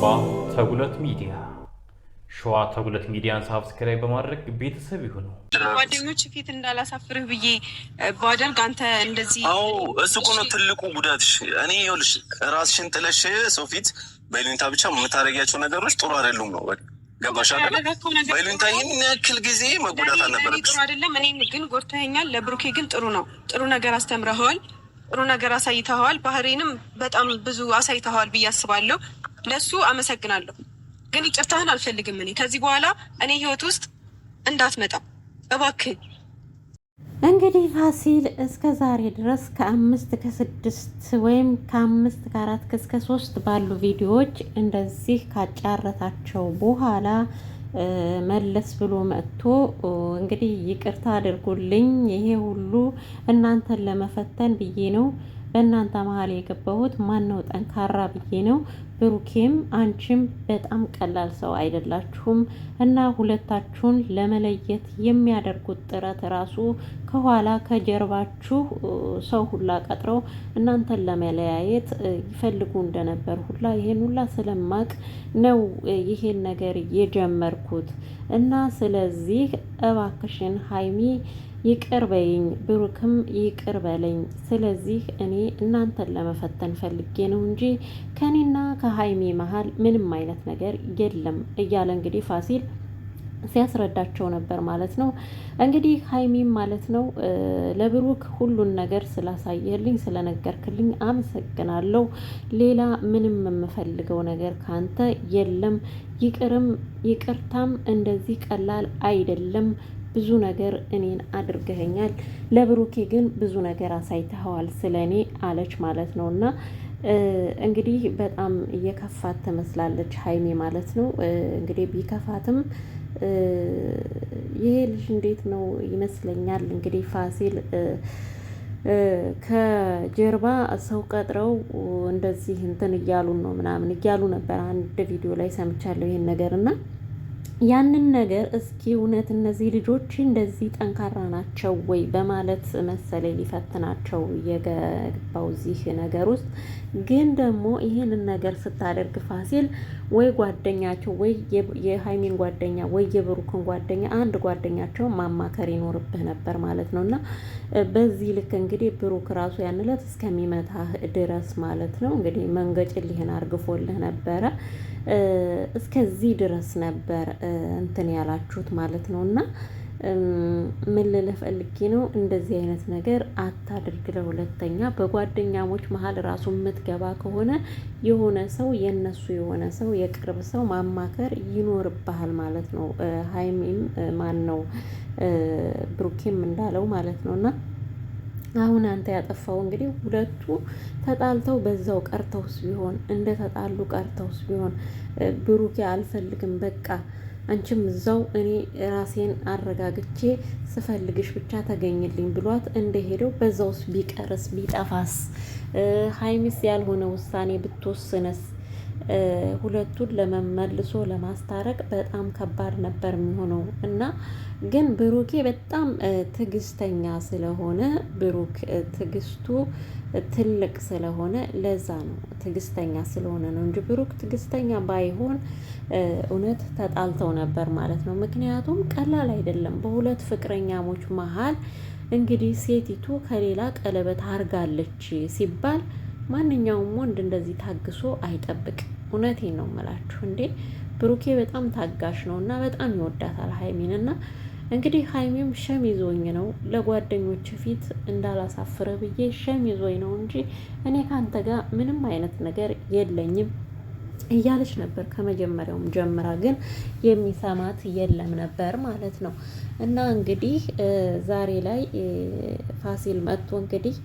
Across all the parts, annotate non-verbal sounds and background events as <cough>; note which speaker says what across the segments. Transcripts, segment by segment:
Speaker 1: አባ ተጉለት ሚዲያ ሸዋ ተጉለት ሚዲያን ሳብስክራይብ በማድረግ ቤተሰብ ይሁኑ።
Speaker 2: ጓደኞች ፊት እንዳላሳፍርህ ብዬ ባደርግ አንተ እንደዚህ
Speaker 3: አዎ እሱ እኮ ነው ትልቁ ጉዳትሽ። እኔ ይኸውልሽ ራስሽን ጥለሽ ሰው ፊት በይሉኝታ ብቻ የምታደርጊያቸው ነገሮች ጥሩ አይደሉም ነው ገባሽ? ይህን ያክል ጊዜ መጎዳት አልነበረብሽ።
Speaker 2: ጥሩ አይደለም። እኔም ግን ጎድተኸኛል። ለብሩኬ ግን ጥሩ ነው። ጥሩ ነገር አስተምረኸዋል። ጥሩ ነገር አሳይተኸዋል። ባህሬንም በጣም ብዙ አሳይተኸዋል ብዬ አስባለሁ። ለሱ አመሰግናለሁ፣ ግን ይቅርታህን አልፈልግም። እኔ ከዚህ በኋላ እኔ ህይወት ውስጥ እንዳትመጣ እባክህ።
Speaker 4: እንግዲህ ፋሲል እስከ ዛሬ ድረስ ከአምስት ከስድስት ወይም ከአምስት ከአራት እስከ ሶስት ባሉ ቪዲዮዎች እንደዚህ ካጫረታቸው በኋላ መለስ ብሎ መጥቶ እንግዲህ ይቅርታ አድርጉልኝ፣ ይሄ ሁሉ እናንተን ለመፈተን ብዬ ነው በእናንተ መሀል የገባሁት ማነው ጠንካራ ብዬ ነው። ብሩኬም አንቺም በጣም ቀላል ሰው አይደላችሁም እና ሁለታችሁን ለመለየት የሚያደርጉት ጥረት ራሱ ከኋላ ከጀርባችሁ ሰው ሁላ ቀጥረው እናንተን ለመለያየት ይፈልጉ እንደነበር ሁላ ይሄን ሁላ ስለማቅ ነው ይሄን ነገር የጀመርኩት እና ስለዚህ እባክሽን ሀይሚ ይቅር በይኝ ብሩክም ይቅር በለኝ። ስለዚህ እኔ እናንተን ለመፈተን ፈልጌ ነው እንጂ ከኔና ከሀይሜ መሀል ምንም አይነት ነገር የለም እያለ እንግዲህ ፋሲል ሲያስረዳቸው ነበር ማለት ነው። እንግዲህ ሀይሚም ማለት ነው ለብሩክ ሁሉን ነገር ስላሳየልኝ ስለነገርክልኝ አመሰግናለሁ። ሌላ ምንም የምፈልገው ነገር ካንተ የለም። ይቅርም ይቅርታም እንደዚህ ቀላል አይደለም ብዙ ነገር እኔን አድርገኸኛል፣ ለብሩኬ ግን ብዙ ነገር አሳይተኸዋል ስለ እኔ አለች ማለት ነው እና እንግዲህ በጣም እየከፋት ትመስላለች ሀይሜ ማለት ነው። እንግዲህ ቢከፋትም ይሄ ልጅ እንዴት ነው ይመስለኛል እንግዲህ ፋሲል ከጀርባ ሰው ቀጥረው እንደዚህ እንትን እያሉን ነው ምናምን እያሉ ነበር። አንድ ቪዲዮ ላይ ሰምቻለሁ ይህን ነገር እና ያንን ነገር እስኪ እውነት እነዚህ ልጆች እንደዚህ ጠንካራ ናቸው ወይ በማለት መሰለኝ ሊፈትናቸው የገባው እዚህ ነገር ውስጥ ግን ደግሞ ይህንን ነገር ስታደርግ ፋሲል ወይ ጓደኛቸው ወይ የሀይሚን ጓደኛ ወይ የብሩክን ጓደኛ አንድ ጓደኛቸውን ማማከር ይኖርብህ ነበር ማለት ነው። እና በዚህ ልክ እንግዲህ ብሩክ ራሱ ያንለት እስከሚመታህ ድረስ ማለት ነው እንግዲህ ሊህን አርግፎልህ ነበረ። እስከዚህ ድረስ ነበር እንትን ያላችሁት ማለት ነው እና ምን ልልህ ፈልጌ ነው፣ እንደዚህ አይነት ነገር አታድርግ። ለሁለተኛ በጓደኛሞች መሀል ራሱ የምትገባ ከሆነ የሆነ ሰው የነሱ የሆነ ሰው የቅርብ ሰው ማማከር ይኖርብሃል ማለት ነው። ሀይሚም ማን ነው ብሩኬም እንዳለው ማለት ነው እና አሁን አንተ ያጠፋው እንግዲህ ሁለቱ ተጣልተው በዛው ቀርተውስ ቢሆን እንደ ተጣሉ ቀርተውስ ቢሆን ብሩኬ አልፈልግም በቃ አንቺም እዛው እኔ ራሴን አረጋግቼ ስፈልግሽ ብቻ ተገኝልኝ ብሏት እንደሄደው በዛውስ ቢቀርስ ቢጠፋስ ሀይሚስ ያልሆነ ውሳኔ ብትወስነስ ሁለቱን ለመመልሶ ለማስታረቅ በጣም ከባድ ነበር የሚሆነው እና ግን ብሩኬ በጣም ትዕግስተኛ ስለሆነ ብሩክ ትዕግስቱ ትልቅ ስለሆነ ለዛ ነው ትዕግስተኛ ስለሆነ ነው እንጂ ብሩክ ትዕግስተኛ ባይሆን እውነት ተጣልተው ነበር ማለት ነው። ምክንያቱም ቀላል አይደለም በሁለት ፍቅረኛሞች መሀል እንግዲህ ሴቲቱ ከሌላ ቀለበት አርጋለች ሲባል ማንኛውም ወንድ እንደዚህ ታግሶ አይጠብቅም። እውነቴን ነው የምላችሁ እንዴ ብሩኬ በጣም ታጋሽ ነው እና በጣም ይወዳታል ሀይሚን እና እንግዲህ ሀይሚም ሸም ይዞኝ ነው ለጓደኞች ፊት እንዳላሳፍረ ብዬ ሸም ይዞኝ ነው እንጂ እኔ ከአንተ ጋር ምንም አይነት ነገር የለኝም እያለች ነበር ከመጀመሪያውም ጀምራ። ግን የሚሰማት የለም ነበር ማለት ነው። እና እንግዲህ ዛሬ ላይ ፋሲል መጥቶ እንግዲህ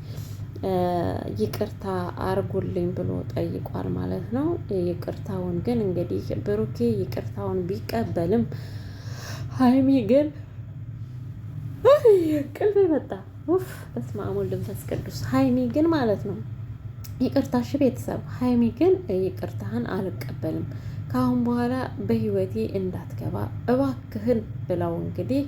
Speaker 4: ይቅርታ አርጉልኝ ብሎ ጠይቋል ማለት ነው። ይቅርታውን ግን እንግዲህ ብሩኬ ይቅርታውን ቢቀበልም ሀይሚ ግን ቅልብ መጣ ውፍ በስመ አብ ወወልድ ወመንፈስ ቅዱስ። ሀይሚ ግን ማለት ነው ይቅርታ እሺ ቤተሰብ፣ ሀይሚ ግን ይቅርታህን አልቀበልም ከአሁን በኋላ በህይወቴ እንዳትገባ እባክህን ብለው እንግዲህ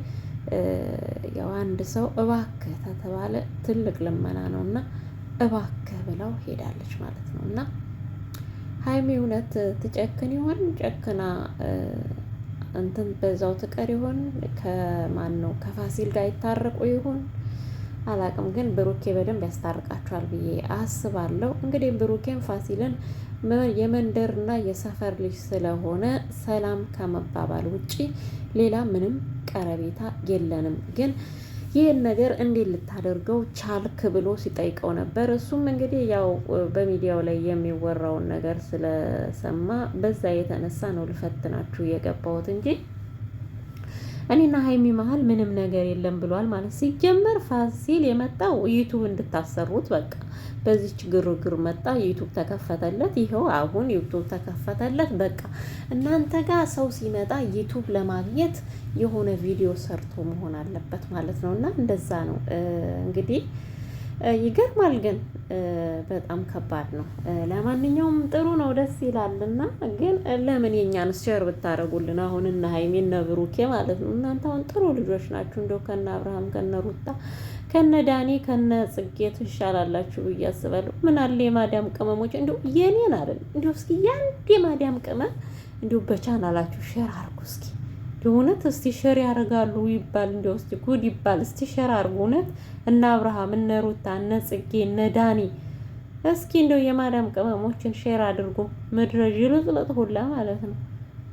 Speaker 4: ያው አንድ ሰው እባክህ ተተባለ ትልቅ ልመና ነው እና እባክህ ብለው ሄዳለች ማለት ነው። እና ሀይሚ እውነት ትጨክን ይሆን? ጨክና እንትን በዛው ትቀር ይሆን? ከማን ነው ከፋሲል ጋር ይታረቁ ይሆን? አላቅም ግን ብሩኬ በደንብ ያስታርቃቸዋል ብዬ አስባለሁ። እንግዲህ ብሩኬን ፋሲልን የመንደርና የሰፈር ልጅ ስለሆነ ሰላም ከመባባል ውጪ ሌላ ምንም ቀረቤታ የለንም ግን ይህን ነገር እንዴት ልታደርገው ቻልክ ብሎ ሲጠይቀው ነበር። እሱም እንግዲህ ያው በሚዲያው ላይ የሚወራውን ነገር ስለሰማ በዛ የተነሳ ነው ልፈትናችሁ የገባሁት እንጂ እኔና ሀይሚ መሀል ምንም ነገር የለም ብሏል ማለት ሲጀመር ፋሲል የመጣው ዩቱብ እንድታሰሩት በቃ በዚች ግርግር መጣ። ዩቱብ ተከፈተለት። ይኸው አሁን ዩቱብ ተከፈተለት። በቃ እናንተ ጋር ሰው ሲመጣ ዩቱብ ለማግኘት የሆነ ቪዲዮ ሰርቶ መሆን አለበት ማለት ነው እና እንደዛ ነው እንግዲህ ይገርማል ግን በጣም ከባድ ነው። ለማንኛውም ጥሩ ነው፣ ደስ ይላልና፣ ግን ለምን የኛን ሼር ብታደርጉልን አሁን እነ ሀይሜ እነ ብሩኬ ማለት ነው። እናንተ አሁን ጥሩ ልጆች ናችሁ፣ እንደው ከነ አብርሃም ከነ ሩታ ከነ ዳኒ ከነ ጽጌ ትሻላላችሁ ብዬ አስባለሁ። ምን አለ የማዳም ቅመሞች እንዲሁ የኔን አለ እንዲሁ እስኪ ያንድ የማዳም ቅመም እንዲሁ በቻናላችሁ ሼር አርጉ እስኪ የእውነት እስቲ ሸር ያደርጋሉ ይባል እንዲ ውስጥ ጉድ ይባል እስቲ ሸር አድርጉ እውነት እነ አብርሃም እነ ሩታ እነ ጽጌ እነ ዳኒ እስኪ እንደው የማዳም ቅመሞችን ሼር አድርጉ ምድረ ዥልጥልጥ ሁላ ማለት ነው።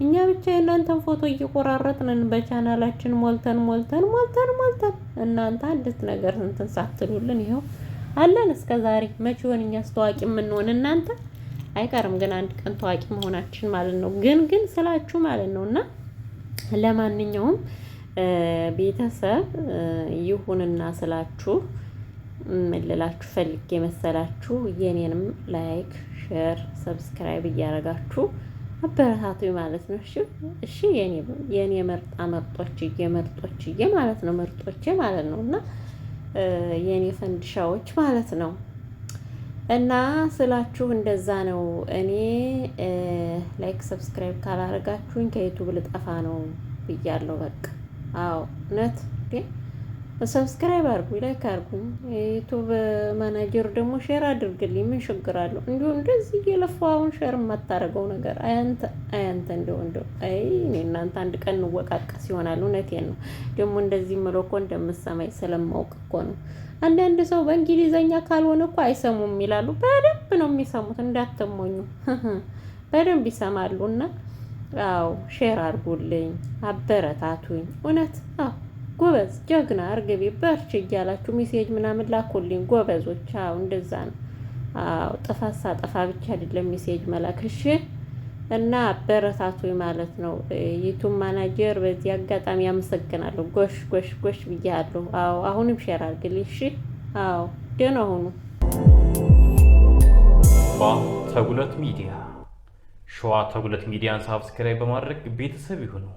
Speaker 4: እኛ ብቻ የእናንተን ፎቶ እየቆራረጥንን በቻናላችን ሞልተን ሞልተን ሞልተን ሞልተን እናንተ አንድት ነገር እንትን ሳትሉልን ይኸው አለን እስከ ዛሬ። መቼ ሆን እኛስ ታዋቂ የምንሆን? እናንተ አይቀርም ግን አንድ ቀን ታዋቂ መሆናችን ማለት ነው። ግን ግን ስላችሁ ማለት ነው እና ለማንኛውም ቤተሰብ ይሁንና ስላችሁ ምልላችሁ ፈልጌ የመሰላችሁ የኔንም ላይክ፣ ሼር፣ ሰብስክራይብ እያደረጋችሁ አበረታቱ ማለት ነው። እሺ እሺ፣ የኔ መርጣ መርጦች የመርጦች ማለት ነው። መርጦች ማለት ነው እና የኔ ፈንድሻዎች ማለት ነው። እና ስላችሁ እንደዛ ነው። እኔ ላይክ ሰብስክራይብ ካላረጋችሁኝ ከዩቱብ ልጠፋ ነው ብያለሁ። በቃ አዎ እውነት ሰብስክራይብ አርጉ፣ ላይክ አርጉ። ዩቱብ ማናጀር ደግሞ ሼር አድርግልኝ፣ ምን ችግር አለው? እንዲሁ እንደዚህ እየለፋው አሁን ሼር የማታደርገው ነገር አያንተ አያንተ፣ እንደው እንደው አይ እኔ እናንተ አንድ ቀን እንወቃቀስ ይሆናል። እውነቴን ነው። ደግሞ እንደዚህ ምለው እኮ እንደምሰማኝ ስለማውቅ እኮ ነው። አንዳንድ ሰው በእንግሊዘኛ ካልሆነ እኮ አይሰሙም ይላሉ። በደንብ ነው የሚሰሙት፣ እንዳትሞኙ <laughs> በደንብ ይሰማሉ። እና አዎ ሼር አርጉልኝ፣ አበረታቱኝ። እውነት አዎ ጎበዝ ጀግና እርግቤ በርች እያላችሁ ሜሴጅ ምናምን ላኩልኝ ጎበዞች። አዎ እንደዛ ነው። አዎ ጥፋት ሳጠፋ ብቻ አይደለም ሜሴጅ መላክሽ እና አበረታቱኝ ማለት ነው። ዩቱብ ማናጀር በዚህ አጋጣሚ አመሰግናለሁ። ጎሽ ጎሽ ጎሽ ብያለሁ። አዎ አሁንም ሼር አድርግልኝ። እሺ አዎ ደህና አሁኑ
Speaker 1: ተጉለት ሚዲያ ሸዋ ተጉለት ሚዲያን ሳብስክራይብ በማድረግ ቤተሰብ ይሁኑ።